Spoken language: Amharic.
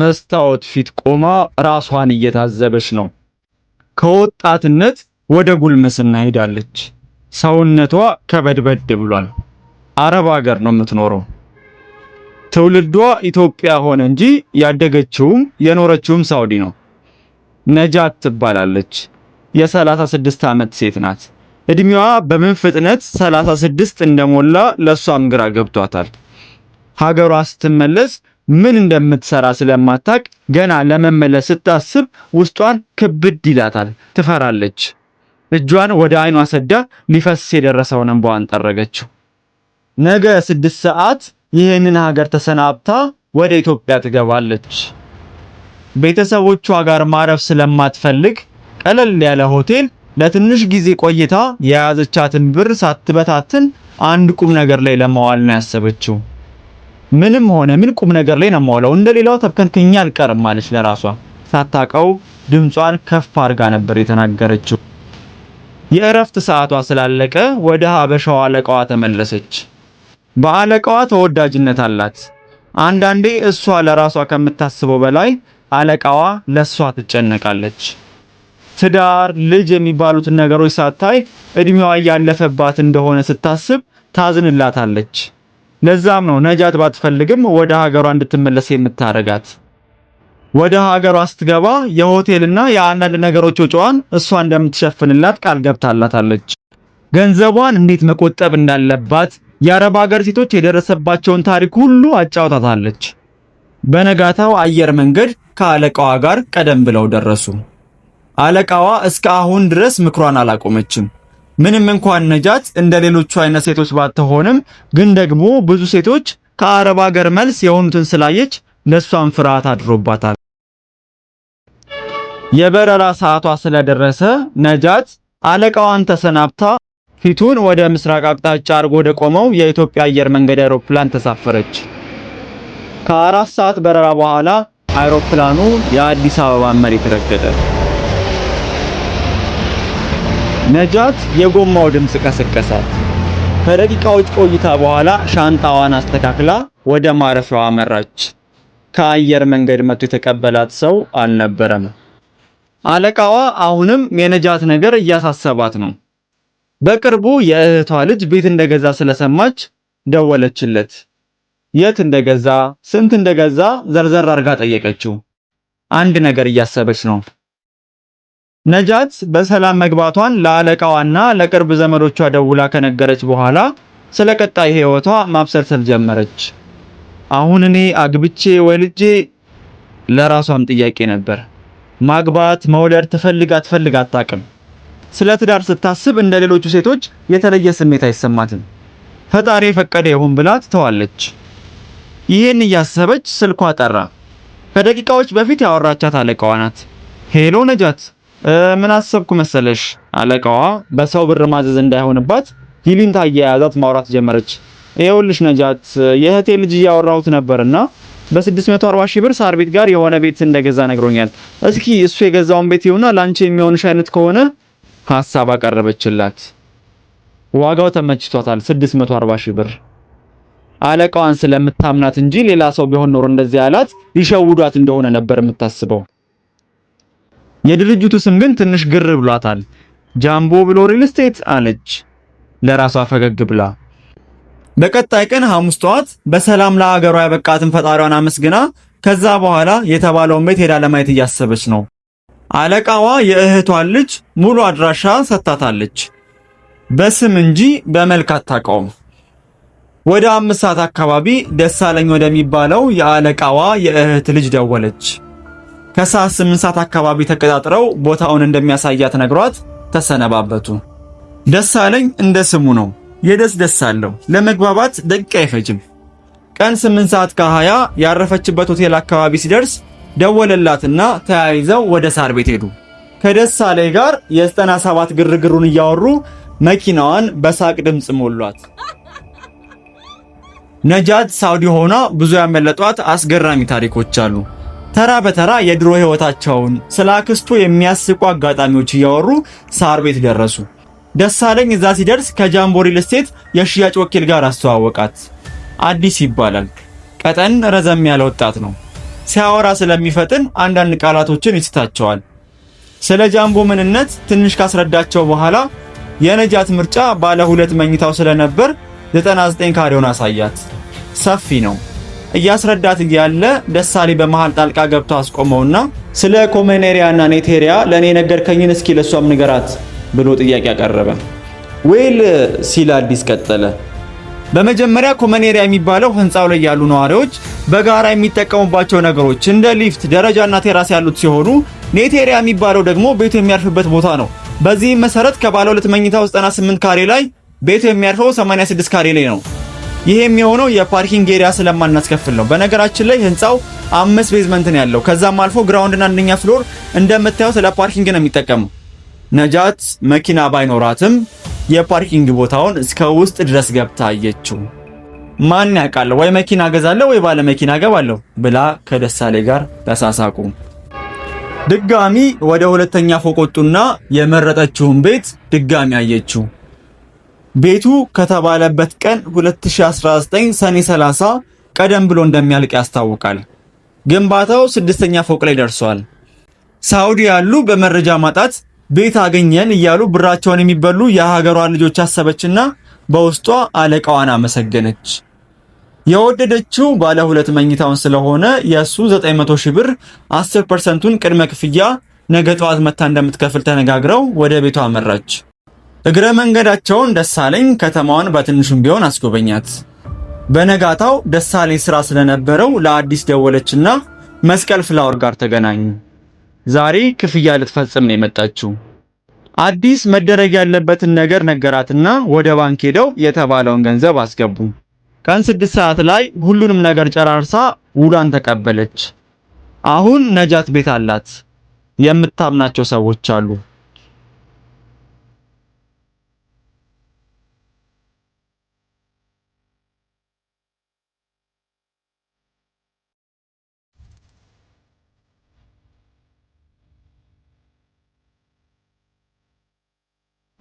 መስታወት ፊት ቆማ ራሷን እየታዘበች ነው። ከወጣትነት ወደ ጉልምስና ሄዳለች። ሰውነቷ ከበድበድ ብሏል። አረብ ሀገር ነው የምትኖረው። ትውልዷ ኢትዮጵያ ሆነ እንጂ ያደገችውም የኖረችውም ሳውዲ ነው። ነጃት ትባላለች። የ36 ዓመት ሴት ናት። እድሜዋ በምን ፍጥነት 36 እንደሞላ ለሷም ግራ ገብቷታል። ሀገሯ ስትመለስ ምን እንደምትሰራ ስለማታቅ ገና ለመመለስ ስታስብ ውስጧን ክብድ ይላታል። ትፈራለች። እጇን ወደ አይኗ ሰዳ ሊፈስ የደረሰውን እንባዋን ጠረገችው። ነገ ስድስት ሰዓት ይህንን ሀገር ተሰናብታ ወደ ኢትዮጵያ ትገባለች። ቤተሰቦቿ ጋር ማረፍ ስለማትፈልግ ቀለል ያለ ሆቴል ለትንሽ ጊዜ ቆይታ የያዘቻትን ብር ሳትበታትን አንድ ቁም ነገር ላይ ለማዋል ነው ያሰበችው። ምንም ሆነ ምን ቁም ነገር ላይ ነው የማውለው። ሌላው ተብከንክኛ አልቀርም ማለች ለራሷ ሳታቀው ድምጿን ከፍ አድርጋ ነበር የተናገረችው። የእረፍት ሰዓቷ ስላለቀ ወደ ሀበሻው አለቃዋ ተመለሰች። በአለቃዋ ተወዳጅነት አላት። አንዳንዴ እሷ ለራሷ ከምታስበው በላይ አለቃዋ ለሷ ትጨነቃለች። ትዳር፣ ልጅ የሚባሉትን ነገሮች ሳታይ እድሜዋ እያለፈባት እንደሆነ ስታስብ ታዝንላታለች። ለዛም ነው ነጃት ባትፈልግም ወደ ሀገሯ እንድትመለስ የምታረጋት። ወደ ሀገሯ ስትገባ የሆቴልና የአንዳንድ ነገሮች ወጪዋን እሷ እንደምትሸፍንላት ቃል ገብታላታለች። ገንዘቧን እንዴት መቆጠብ እንዳለባት የአረብ ሀገር ሴቶች የደረሰባቸውን ታሪክ ሁሉ አጫውታታለች። በነጋታው አየር መንገድ ከአለቃዋ ጋር ቀደም ብለው ደረሱ። አለቃዋ እስከ አሁን ድረስ ምክሯን አላቆመችም። ምንም እንኳን ነጃት እንደ ሌሎቹ አይነት ሴቶች ባትሆንም ግን ደግሞ ብዙ ሴቶች ከአረብ ሀገር መልስ የሆኑትን ስላየች ለሷም ፍርሃት አድሮባታል። የበረራ ሰዓቷ ስለደረሰ ነጃት አለቃዋን ተሰናብታ ፊቱን ወደ ምስራቅ አቅጣጫ አድርጎ ወደ ቆመው የኢትዮጵያ አየር መንገድ አይሮፕላን ተሳፈረች። ከአራት ሰዓት በረራ በኋላ አይሮፕላኑ የአዲስ አበባ መሬት ረገጠ። ነጃት የጎማው ድምፅ ቀሰቀሳት። ከደቂቃዎች ቆይታ በኋላ ሻንጣዋን አስተካክላ ወደ ማረፊያዋ አመራች። ከአየር መንገድ መጥቶ የተቀበላት ሰው አልነበረም። አለቃዋ አሁንም የነጃት ነገር እያሳሰባት ነው። በቅርቡ የእህቷ ልጅ ቤት እንደገዛ ስለሰማች ደወለችለት። የት እንደገዛ፣ ስንት እንደገዛ ዘርዘር አድርጋ ጠየቀችው። አንድ ነገር እያሰበች ነው። ነጃት በሰላም መግባቷን ለአለቃዋና ለቅርብ ዘመዶቿ ደውላ ከነገረች በኋላ ስለ ቀጣይ ህይወቷ ማብሰልሰል ጀመረች። አሁን እኔ አግብቼ ወልጄ ለራሷም ጥያቄ ነበር። ማግባት መውለድ ትፈልግ አትፈልግ አታውቅም። ስለ ትዳር ስታስብ እንደ ሌሎቹ ሴቶች የተለየ ስሜት አይሰማትም። ፈጣሪ የፈቀደ ይሁን ብላ ትተዋለች። ይህን እያሰበች ስልኳ ጠራ። ከደቂቃዎች በፊት ያወራቻት አለቃዋ ናት። ሄሎ ነጃት ምን አሰብኩ መሰለሽ፣ አለቃዋ በሰው ብር ማዘዝ እንዳይሆንባት ሂሊን ታያያዛት ማውራት ጀመረች። ይኸውልሽ ነጃት፣ የእህቴ ልጅ እያወራሁት ነበርና በ640 ሺህ ብር ሳር ቤት ጋር የሆነ ቤት እንደገዛ ነግሮኛል። እስኪ እሱ የገዛውን ቤት ይሁና ላንቺ የሚሆንሽ አይነት ከሆነ ሀሳብ አቀረበችላት። ዋጋው ተመችቷታል፣ 640 ሺህ ብር። አለቃዋን ስለምታምናት እንጂ ሌላ ሰው ቢሆን ኖሮ እንደዚህ ያላት ሊሸውዷት እንደሆነ ነበር የምታስበው። የድርጅቱ ስም ግን ትንሽ ግር ብሏታል። ጃምቦ ብሎ ሪል ስቴት አለች ለራሷ ፈገግ ብላ። በቀጣይ ቀን ሐሙስ ጠዋት በሰላም ለሀገሯ ያበቃትን ፈጣሪዋን አመስግና ከዛ በኋላ የተባለውን ቤት ሄዳ ለማየት እያሰበች ነው። አለቃዋ የእህቷን ልጅ ሙሉ አድራሻ ሰጥታታለች። በስም እንጂ በመልክ አታውቀውም። ወደ አምስት ሰዓት አካባቢ ደሳለኝ ወደሚባለው የአለቃዋ የእህት ልጅ ደወለች። ከሰዓት 8 ሰዓት አካባቢ ተቀጣጥረው ቦታውን እንደሚያሳያት ነግሯት ተሰነባበቱ። ደሳለኝ እንደ ስሙ ነው፣ የደስ ደስ አለው። ለመግባባት ደቂቃ አይፈጅም። ቀን 8 ሰዓት ከ ከ20 ያረፈችበት ሆቴል አካባቢ ሲደርስ ደወለላትና ተያይዘው ወደ ሳር ቤት ሄዱ። ከደሳለኝ ጋር የዘጠና ሰባት ግርግሩን እያወሩ መኪናዋን በሳቅ ድምፅ ሞሏት። ነጃት ሳውዲ ሆና ብዙ ያመለጧት አስገራሚ ታሪኮች አሉ። ተራ በተራ የድሮ ህይወታቸውን ስለ አክስቱ የሚያስቁ አጋጣሚዎች እያወሩ ሳር ቤት ደረሱ። ደሳለኝ እዛ ሲደርስ ከጃምቦሪል ስቴት የሽያጭ ወኪል ጋር አስተዋወቃት። አዲስ ይባላል። ቀጠን ረዘም ያለ ወጣት ነው። ሲያወራ ስለሚፈጥን አንዳንድ ቃላቶችን ይስታቸዋል። ስለ ጃምቦ ምንነት ትንሽ ካስረዳቸው በኋላ የነጃት ምርጫ ባለ ሁለት መኝታው ስለነበር 99 ካሬውን አሳያት። ሰፊ ነው። እያስረዳት እያለ ደሳሌ በመሃል ጣልቃ ገብቶ አስቆመውና ስለ ኮመኔሪያና ኔቴሪያ ለእኔ ነገርከኝን እስኪ ለእሷም ንገራት ብሎ ጥያቄ አቀረበ። ዌል ሲል አዲስ ቀጠለ። በመጀመሪያ ኮመኔሪያ የሚባለው ህንፃው ላይ ያሉ ነዋሪዎች በጋራ የሚጠቀሙባቸው ነገሮች እንደ ሊፍት፣ ደረጃና ቴራስ ያሉት ሲሆኑ ኔቴሪያ የሚባለው ደግሞ ቤቱ የሚያርፍበት ቦታ ነው። በዚህም መሰረት ከባለ ሁለት መኝታው 98 ካሬ ላይ ቤቱ የሚያርፈው 86 ካሬ ላይ ነው። ይህ የሚሆነው የፓርኪንግ ኤሪያ ስለማናስከፍል ነው። በነገራችን ላይ ህንፃው አምስት ቤዝመንት ነው ያለው። ከዛም አልፎ ግራውንድና አንደኛ ፍሎር እንደምታዩት ለፓርኪንግ ነው የሚጠቀመው። ነጃት መኪና ባይኖራትም የፓርኪንግ ቦታውን እስከ ውስጥ ድረስ ገብታ አየችው። ማን ያውቃል ወይ መኪና ገዛለሁ ወይ ባለ መኪና ገባለሁ ብላ ከደሳሌ ጋር ተሳሳቁ። ድጋሚ ወደ ሁለተኛ ፎቅ ወጡና የመረጠችውን ቤት ድጋሚ አየችው። ቤቱ ከተባለበት ቀን 2019 ሰኔ 30 ቀደም ብሎ እንደሚያልቅ ያስታውቃል። ግንባታው ስድስተኛ ፎቅ ላይ ደርሷል። ሳውዲ ያሉ በመረጃ ማጣት ቤት አገኘን እያሉ ብራቸውን የሚበሉ የሀገሯ ልጆች አሰበችና በውስጧ አለቃዋን አመሰገነች። የወደደችው ባለ ሁለት መኝታውን ስለሆነ የእሱ 900 ሺህ ብር 10 ፐርሰንቱን ቅድመ ክፍያ ነገ ጠዋት መታ እንደምትከፍል ተነጋግረው ወደ ቤቷ አመራች። እግረ መንገዳቸውን ደሳለኝ ከተማዋን በትንሹም ቢሆን አስጎበኛት። በነጋታው ደሳለኝ ስራ ስለነበረው ለአዲስ ደወለችና መስቀል ፍላወር ጋር ተገናኙ። ዛሬ ክፍያ ልትፈጽም ነው የመጣችው። አዲስ መደረግ ያለበትን ነገር ነገራትና ወደ ባንክ ሄደው የተባለውን ገንዘብ አስገቡ። ቀን ስድስት ሰዓት ላይ ሁሉንም ነገር ጨራርሳ ውሏን ተቀበለች። አሁን ነጃት ቤት አላት። የምታምናቸው ሰዎች አሉ።